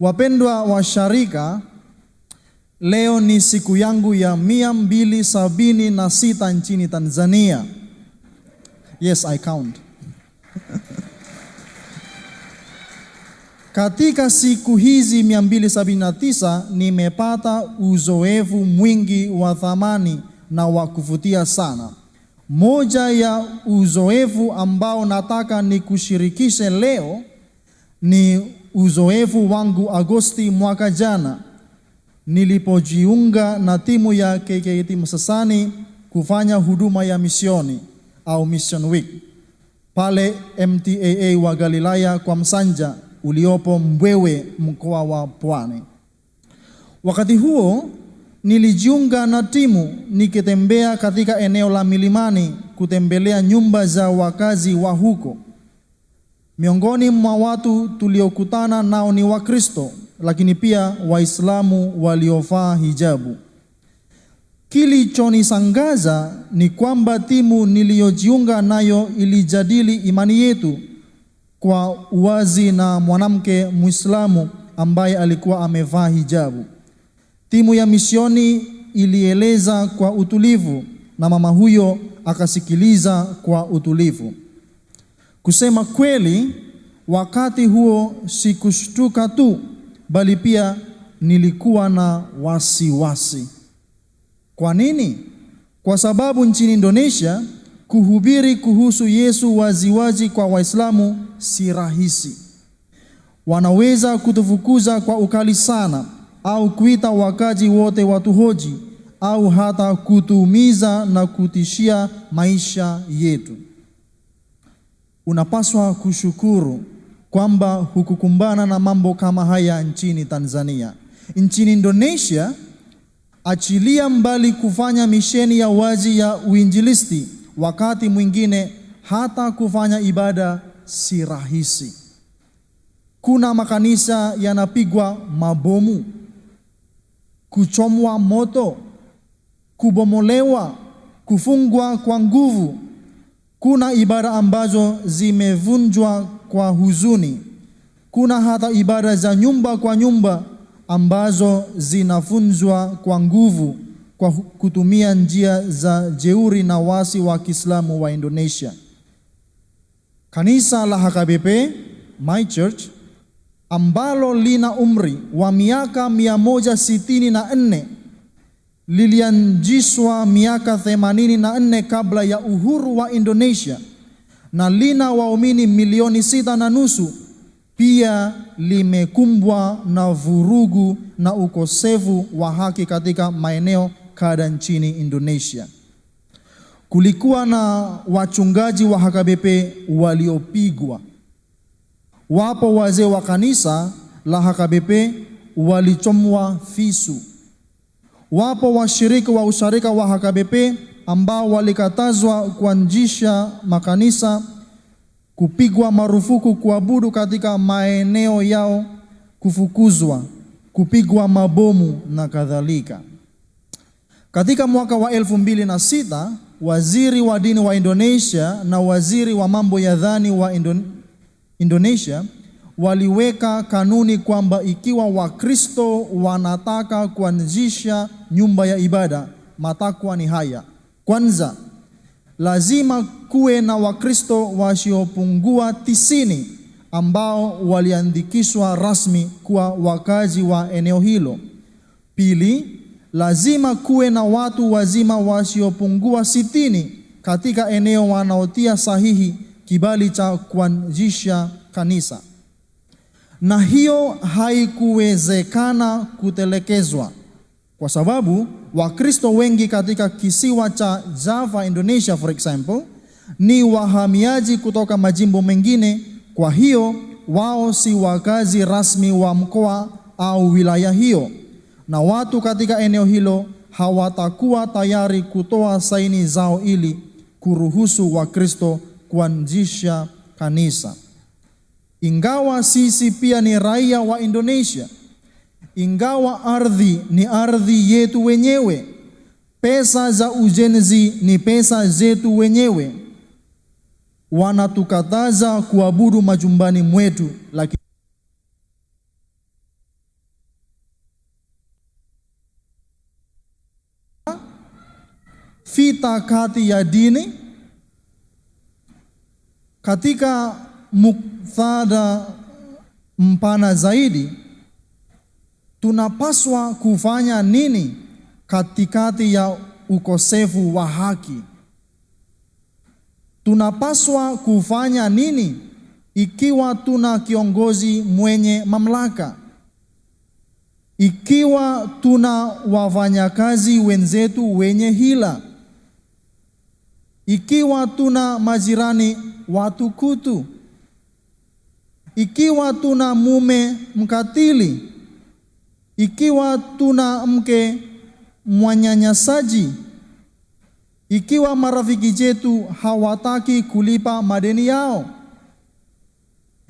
Wapendwa washarika, leo ni siku yangu ya mia mbili sabini na sita nchini Tanzania. Yes, I count. Katika siku hizi 279 nimepata uzoefu mwingi wa thamani na wa kuvutia sana. Moja ya uzoefu ambao nataka nikushirikishe leo ni Uzoefu wangu Agosti mwaka jana nilipojiunga na timu ya KKT Msasani kufanya huduma ya misioni au mission week pale MTAA wa Galilaya kwa Msanja uliopo Mbwewe, mkoa wa Pwani. Wakati huo nilijiunga na timu nikitembea katika eneo la milimani kutembelea nyumba za wakazi wa huko Miongoni mwa watu tuliokutana nao ni Wakristo, lakini pia Waislamu waliovaa hijabu. Kilichonisangaza ni kwamba timu niliyojiunga nayo ilijadili imani yetu kwa uwazi na mwanamke Muislamu ambaye alikuwa amevaa hijabu. Timu ya misioni ilieleza kwa utulivu na mama huyo akasikiliza kwa utulivu. Kusema kweli, wakati huo sikushtuka tu, bali pia nilikuwa na wasiwasi. Kwa nini? Kwa sababu nchini Indonesia kuhubiri kuhusu Yesu waziwazi kwa Waislamu si rahisi. Wanaweza kutufukuza kwa ukali sana, au kuita wakaji wote watuhoji, au hata kutuumiza na kutishia maisha yetu unapaswa kushukuru kwamba hukukumbana na mambo kama haya nchini Tanzania. Nchini Indonesia, achilia mbali kufanya misheni ya wazi ya uinjilisti, wakati mwingine hata kufanya ibada si rahisi. Kuna makanisa yanapigwa mabomu, kuchomwa moto, kubomolewa, kufungwa kwa nguvu kuna ibara ambazo zimevunjwa kwa huzuni. Kuna hata ibara za nyumba kwa nyumba ambazo zinafunzwa kwa nguvu kwa kutumia njia za jeuri na wasi wa Kiislamu wa Indonesia. Kanisa la HKBP My Church ambalo lina umri wa miaka 164 lilianzishwa miaka 84 kabla ya uhuru wa Indonesia na lina waumini milioni sita na nusu. Pia limekumbwa na vurugu na ukosefu wa haki katika maeneo kada nchini Indonesia. Kulikuwa na wachungaji wa HKBP waliopigwa. Wapo wazee wa kanisa la HKBP walichomwa fisu. Wapo washiriki wa usharika wa HKBP ambao walikatazwa kuanzisha makanisa, kupigwa marufuku kuabudu katika maeneo yao, kufukuzwa, kupigwa mabomu na kadhalika. Katika mwaka wa elfu mbili na sita waziri wa dini wa Indonesia na waziri wa mambo ya dhani wa Indonesia waliweka kanuni kwamba ikiwa Wakristo wanataka kuanzisha nyumba ya ibada, matakwa ni haya: kwanza, lazima kuwe na Wakristo wasiopungua tisini ambao waliandikishwa rasmi kuwa wakazi wa eneo hilo. Pili, lazima kuwe na watu wazima wasiopungua sitini katika eneo wanaotia sahihi kibali cha kuanzisha kanisa, na hiyo haikuwezekana kutelekezwa. Kwa sababu Wakristo wengi katika kisiwa cha Java Indonesia for example ni wahamiaji kutoka majimbo mengine, kwa hiyo wao si wakazi rasmi wa mkoa au wilaya hiyo, na watu katika eneo hilo hawatakuwa tayari kutoa saini zao ili kuruhusu Wakristo kuanzisha kanisa. Ingawa sisi pia ni raia wa Indonesia, ingawa ardhi ni ardhi yetu wenyewe, pesa za ujenzi ni pesa zetu wenyewe. Wanatukataza kuabudu majumbani mwetu, lakini vita kati ya dini katika muktadha mpana zaidi tunapaswa kufanya nini katikati ya ukosefu wa haki? Tunapaswa kufanya nini ikiwa tuna kiongozi mwenye mamlaka? Ikiwa tuna wafanyakazi wenzetu wenye hila? Ikiwa tuna majirani watukutu? Ikiwa tuna mume mkatili? ikiwa tunaamke mwanyanya saji ikiwa marafiki jetu hawataki kulipa madeni yao,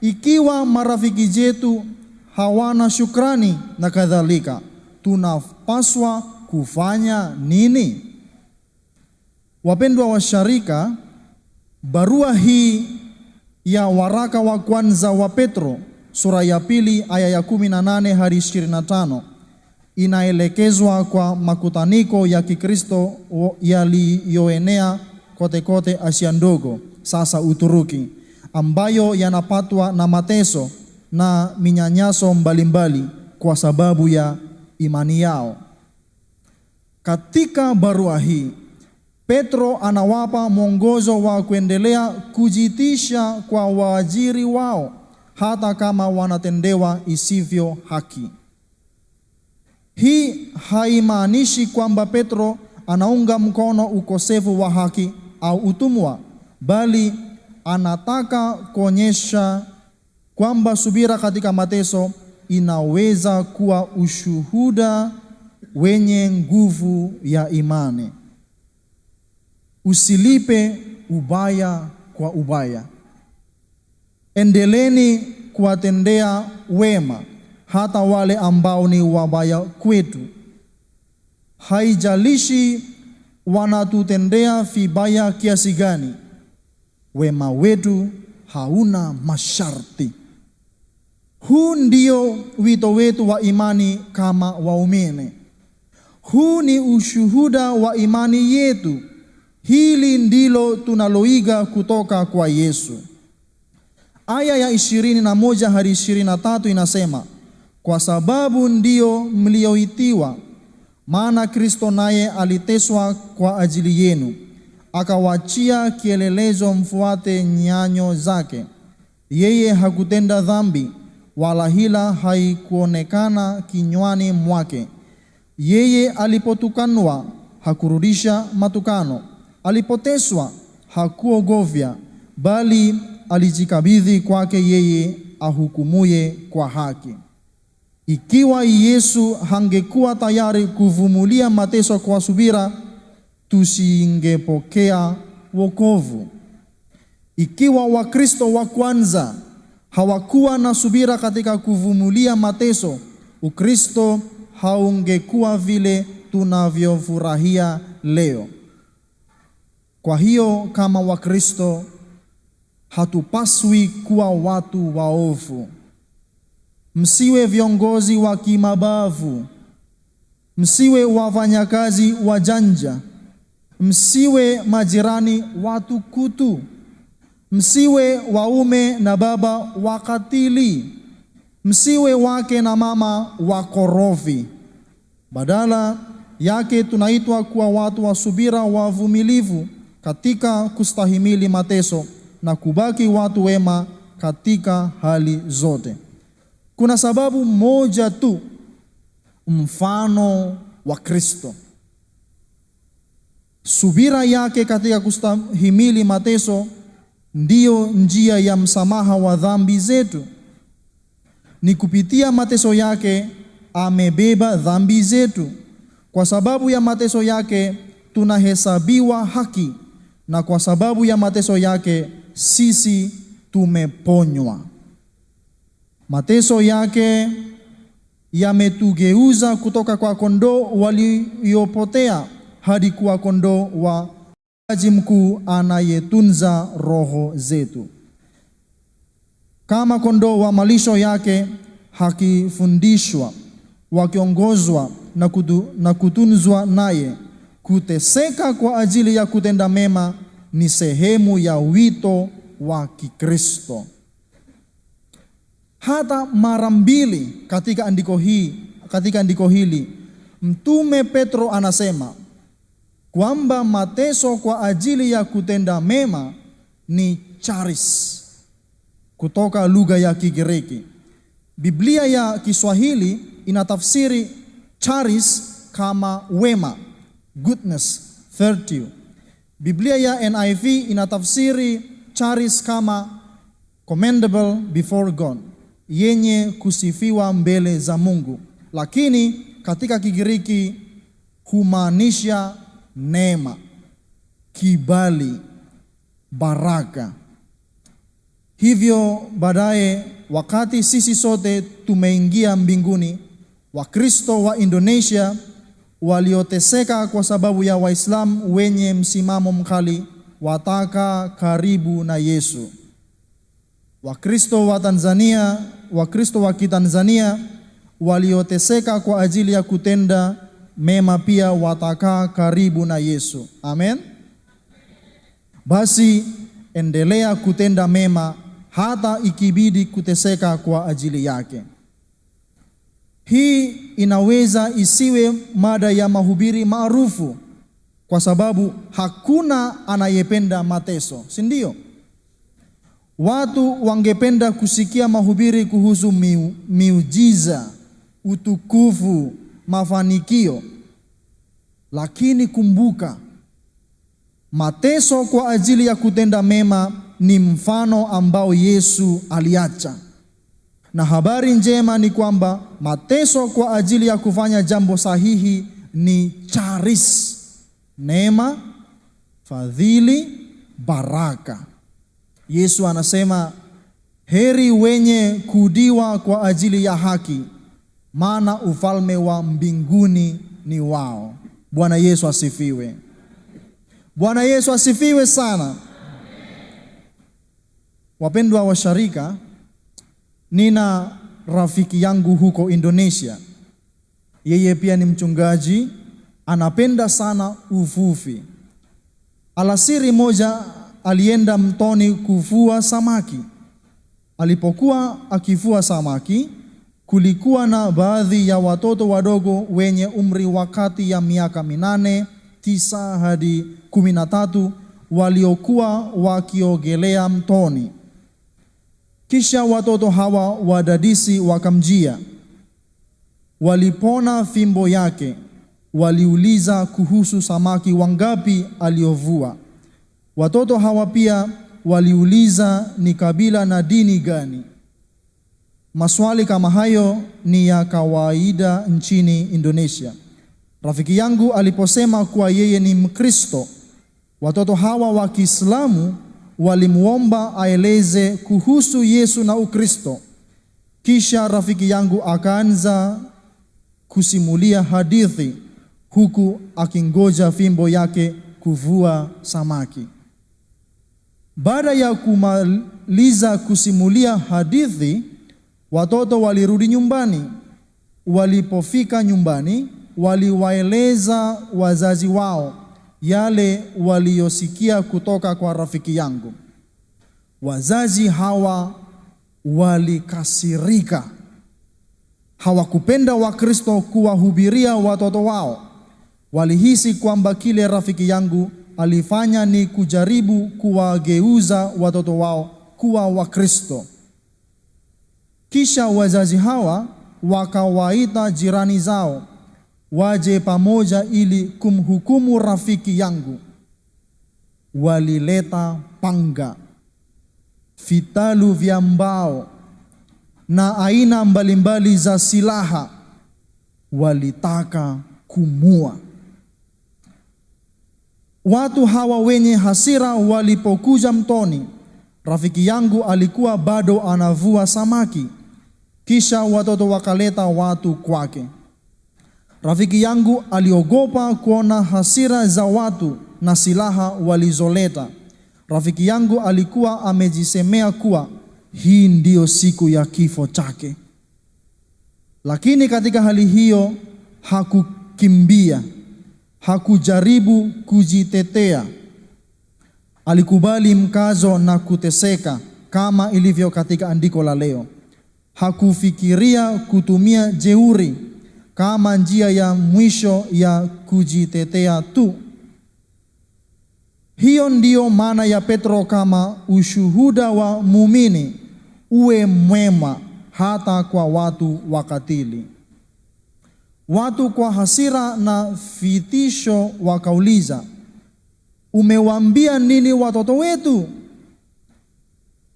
ikiwa marafiki jetu hawana syukrani nakadalika, tuna paswa kufanya nini? Wapendwa syarika barua hii ya waraka wa kwanza wa Petro sura ya pili aya ya 18 hadi 25 inaelekezwa kwa makutaniko ya Kikristo yaliyoenea kote kote Asia ndogo, sasa Uturuki, ambayo yanapatwa na mateso na minyanyaso mbalimbali kwa sababu ya imani yao. Katika barua hii Petro anawapa mwongozo wa kuendelea kujitisha kwa waajiri wao hata kama wanatendewa isivyo haki. Hii haimaanishi kwamba Petro anaunga mkono ukosefu wa haki au utumwa, bali anataka kuonyesha kwamba subira katika mateso inaweza kuwa ushuhuda wenye nguvu ya imani. Usilipe ubaya kwa ubaya. Endeleni kuwatendea wema hata wale ambao ni wabaya kwetu, haijalishi wanatutendea vibaya kiasi gani. Wema wetu hauna masharti. Huu ndio wito wetu wa imani kama waumini. Huu ni ushuhuda wa imani yetu. Hili ndilo tunaloiga kutoka kwa Yesu. Aya ya ishirini na moja hadi ishirini na tatu inasema, kwa sababu ndiyo mlioitiwa, maana Kristo naye aliteswa kwa ajili yenu, akawachia kielelezo, mfuate nyanyo zake. Yeye hakutenda dhambi, wala hila haikuonekana kinywani mwake. Yeye alipotukanwa hakurudisha matukano, alipoteswa hakuogovya bali alijikabidhi kwake yeye ahukumuye kwa haki. Ikiwa Yesu hangekuwa tayari kuvumulia mateso kwa subira, tusingepokea wokovu. Ikiwa Wakristo wa kwanza hawakuwa na subira katika kuvumulia mateso, Ukristo haungekuwa vile tunavyofurahia leo. Kwa hiyo kama Wakristo hatupaswi kuwa watu waovu. Msiwe viongozi wa kimabavu, msiwe wafanyakazi wajanja, msiwe majirani watu kutu, msiwe waume na baba wakatili, msiwe wake na mama wakorofi. Badala yake tunaitwa kuwa watu wa subira, wavumilivu katika kustahimili mateso na kubaki watu wema katika hali zote. Kuna sababu moja tu, mfano wa Kristo, subira yake katika kustahimili mateso ndiyo njia ya msamaha wa dhambi zetu. Ni kupitia mateso yake amebeba dhambi zetu. Kwa sababu ya mateso yake tunahesabiwa haki, na kwa sababu ya mateso yake sisi tumeponywa. Mateso yake yametugeuza kutoka kwa kondoo waliopotea hadi kuwa kondoo wa mchungaji mkuu anayetunza roho zetu. Kama kondoo wa malisho yake hakifundishwa, wakiongozwa na, na kutunzwa naye, kuteseka kwa ajili ya kutenda mema ni sehemu ya wito wa Kikristo. Hata mara mbili katika andiko hii, katika andiko hili Mtume Petro anasema kwamba mateso kwa ajili ya kutenda mema ni charis kutoka lugha ya Kigiriki. Biblia ya Kiswahili inatafsiri charis kama wema, goodness, virtue Biblia ya NIV inatafsiri charis kama commendable before God, yenye kusifiwa mbele za Mungu, lakini katika Kigiriki humaanisha neema, kibali, baraka. Hivyo baadaye, wakati sisi sote tumeingia mbinguni, Wakristo wa Indonesia walioteseka kwa sababu ya Waislamu wenye msimamo mkali wataka karibu na Yesu. Wakristo wa Tanzania, Wakristo wa Kitanzania walioteseka kwa ajili ya kutenda mema pia watakaa karibu na Yesu. Amen. Basi endelea kutenda mema hata ikibidi kuteseka kwa ajili yake. Hii inaweza isiwe mada ya mahubiri maarufu kwa sababu hakuna anayependa mateso, si ndio? Watu wangependa kusikia mahubiri kuhusu miu, miujiza, utukufu, mafanikio. Lakini kumbuka, mateso kwa ajili ya kutenda mema ni mfano ambao Yesu aliacha. Na habari njema ni kwamba mateso kwa ajili ya kufanya jambo sahihi ni charis, neema, fadhili, baraka. Yesu anasema heri wenye kudiwa kwa ajili ya haki, maana ufalme wa mbinguni ni wao. Bwana Yesu asifiwe. Bwana Yesu asifiwe sana. Wapendwa washarika Nina rafiki yangu huko Indonesia, yeye pia ni mchungaji, anapenda sana uvuvi. Alasiri moja alienda mtoni kuvua samaki. Alipokuwa akivua samaki, kulikuwa na baadhi ya watoto wadogo wenye umri wa kati ya miaka minane, tisa hadi kumi na tatu waliokuwa wakiogelea mtoni. Kisha watoto hawa wadadisi wakamjia, walipona fimbo yake, waliuliza kuhusu samaki wangapi aliovua. Watoto hawa pia waliuliza ni kabila na dini gani. Maswali kama hayo ni ya kawaida nchini Indonesia. Rafiki yangu aliposema kuwa yeye ni Mkristo, watoto hawa wa Kiislamu walimwomba aeleze kuhusu Yesu na Ukristo. Kisha rafiki yangu akaanza kusimulia hadithi huku akingoja fimbo yake kuvua samaki. Baada ya kumaliza kusimulia hadithi, watoto walirudi nyumbani. Walipofika nyumbani, waliwaeleza wazazi wao yale waliyosikia kutoka kwa rafiki yangu. Wazazi hawa walikasirika, hawakupenda Wakristo kuwahubiria watoto wao. Walihisi kwamba kile rafiki yangu alifanya ni kujaribu kuwageuza watoto wao kuwa Wakristo. Kisha wazazi hawa wakawaita jirani zao waje pamoja ili kumhukumu rafiki yangu. Walileta panga, vitalu vya mbao na aina mbalimbali za silaha, walitaka kumua. Watu hawa wenye hasira walipokuja mtoni, rafiki yangu alikuwa bado anavua samaki, kisha watoto wakaleta watu kwake. Rafiki yangu aliogopa kuona hasira za watu na silaha walizoleta. Rafiki yangu alikuwa amejisemea kuwa hii ndiyo siku ya kifo chake, lakini katika hali hiyo hakukimbia, hakujaribu kujitetea. Alikubali mkazo na kuteseka kama ilivyo katika andiko la leo. Hakufikiria kutumia jeuri kama njia ya mwisho ya kujitetea tu. Hiyo ndiyo maana ya Petro kama ushuhuda wa muumini, uwe mwema hata kwa watu wakatili. Watu kwa hasira na vitisho wakauliza, umewaambia nini watoto wetu?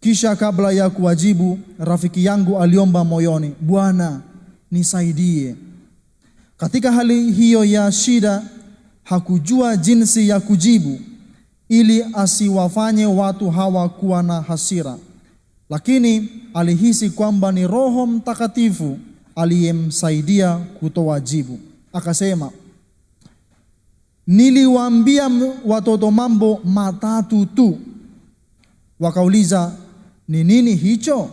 Kisha kabla ya kuwajibu, rafiki yangu aliomba moyoni, Bwana nisaidie katika hali hiyo ya shida hakujua jinsi ya kujibu ili asiwafanye watu hawa kuwa na hasira, lakini alihisi kwamba ni Roho Mtakatifu aliyemsaidia kutoa jibu. Akasema, niliwaambia watoto mambo matatu tu. Wakauliza, ni nini hicho?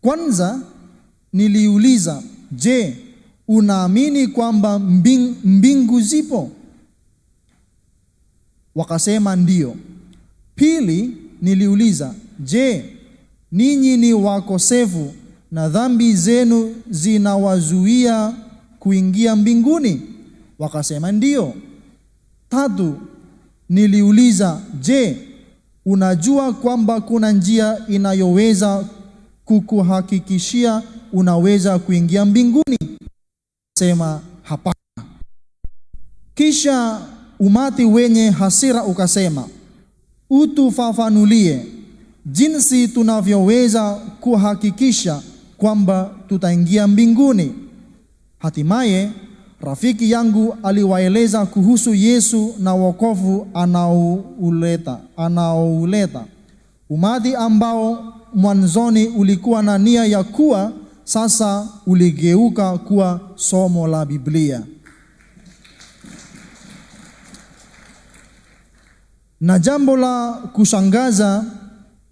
Kwanza niliuliza, je, unaamini kwamba mbing, mbingu zipo? Wakasema ndiyo. Pili, niliuliza, je, ninyi ni wakosefu na dhambi zenu zinawazuia kuingia mbinguni? Wakasema ndiyo. Tatu, niliuliza, je, unajua kwamba kuna njia inayoweza kukuhakikishia unaweza kuingia mbinguni? sema hapana. Kisha umati wenye hasira ukasema, utufafanulie jinsi tunavyoweza kuhakikisha kwamba tutaingia mbinguni. Hatimaye rafiki yangu aliwaeleza kuhusu Yesu na wokovu anaouleta anaouleta. Umati ambao mwanzoni ulikuwa na nia ya kuwa sasa uligeuka kuwa somo la Biblia. Na jambo la kushangaza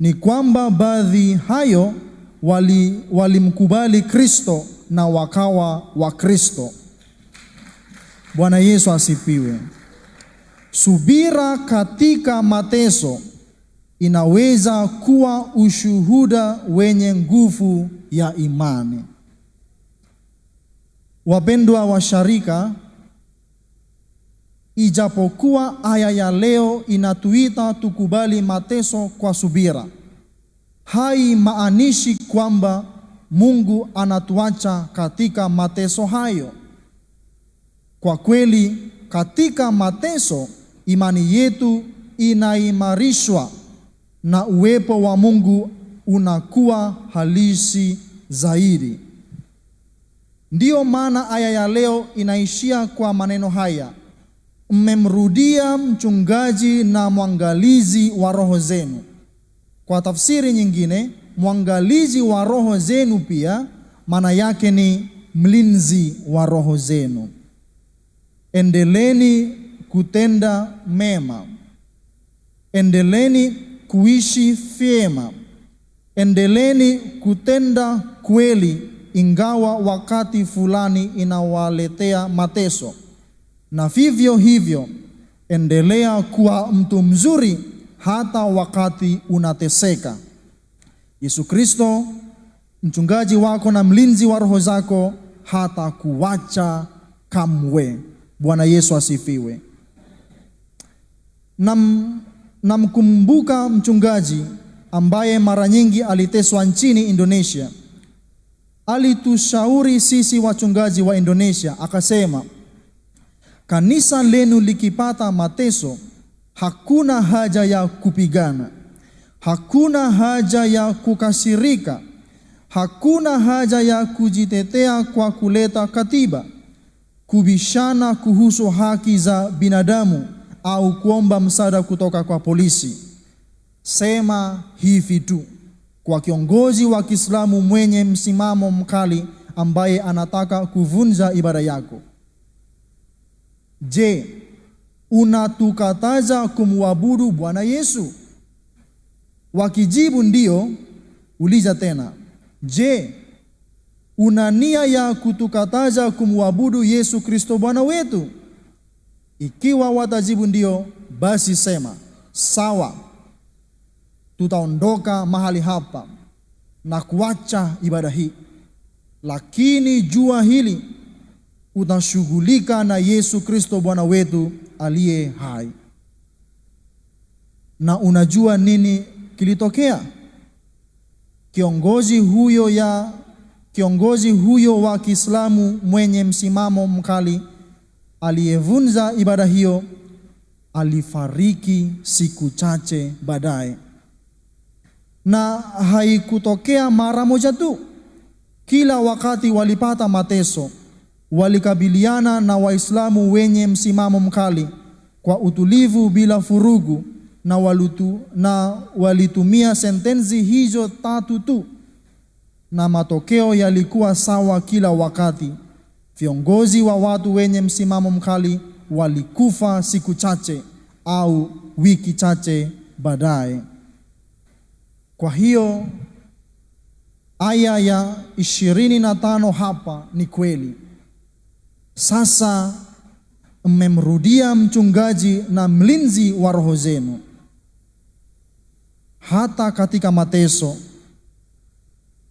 ni kwamba baadhi hayo wali walimkubali Kristo na wakawa Wakristo. Bwana Yesu asifiwe. Subira katika mateso inaweza kuwa ushuhuda wenye nguvu ya imani. Wapendwa wa sharika, ijapokuwa aya ya leo inatuita tukubali mateso kwa subira, haimaanishi kwamba Mungu anatuacha katika mateso hayo. Kwa kweli, katika mateso imani yetu inaimarishwa na uwepo wa Mungu unakuwa halisi zaidi. Ndiyo maana aya ya leo inaishia kwa maneno haya: mmemrudia mchungaji na mwangalizi wa roho zenu. Kwa tafsiri nyingine, mwangalizi wa roho zenu pia maana yake ni mlinzi wa roho zenu. Endeleni kutenda mema, endeleni kuishi vyema. Endeleni kutenda kweli, ingawa wakati fulani inawaletea mateso. Na vivyo hivyo, endelea kuwa mtu mzuri hata wakati unateseka. Yesu Kristo mchungaji wako na mlinzi wa roho zako hata kuwacha kamwe. Bwana Yesu asifiwe. Nam namkumbuka mchungaji ambaye mara nyingi aliteswa nchini Indonesia. Alitushauri sisi wachungaji wa Indonesia akasema, kanisa lenu likipata mateso, hakuna haja ya kupigana, hakuna haja ya kukasirika, hakuna haja ya kujitetea kwa kuleta katiba, kubishana kuhusu haki za binadamu au kuomba msaada kutoka kwa polisi. Sema hivi tu kwa kiongozi wa Kiislamu mwenye msimamo mkali ambaye anataka kuvunja ibada yako. Je, unatukataza kumwabudu Bwana Yesu? Wakijibu ndio uliza tena, je, una nia ya kutukataza kumwabudu Yesu Kristo Bwana wetu? Ikiwa watajibu ndio, basi sema sawa, tutaondoka mahali hapa na kuacha ibada hii, lakini jua hili utashughulika na Yesu Kristo Bwana wetu aliye hai. Na unajua nini kilitokea? Kiongozi huyo ya kiongozi huyo wa Kiislamu mwenye msimamo mkali Aliyevunja ibada hiyo alifariki siku chache baadaye, na haikutokea mara moja tu. Kila wakati walipata mateso, walikabiliana na Waislamu wenye msimamo mkali kwa utulivu, bila furugu na, walutu, na walitumia sentensi hizo tatu tu, na matokeo yalikuwa sawa kila wakati. Viongozi wa watu wenye msimamo mkali walikufa siku chache au wiki chache baadaye. Kwa hiyo aya ya ishirini na tano hapa ni kweli. Sasa mmemrudia mchungaji na mlinzi wa roho zenu hata katika mateso.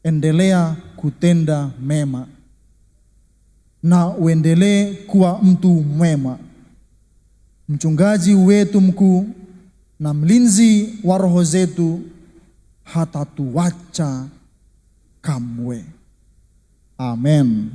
Endelea kutenda mema na uendelee kuwa mtu mwema. Mchungaji wetu mkuu na mlinzi wa roho zetu hatatuacha kamwe. Amen.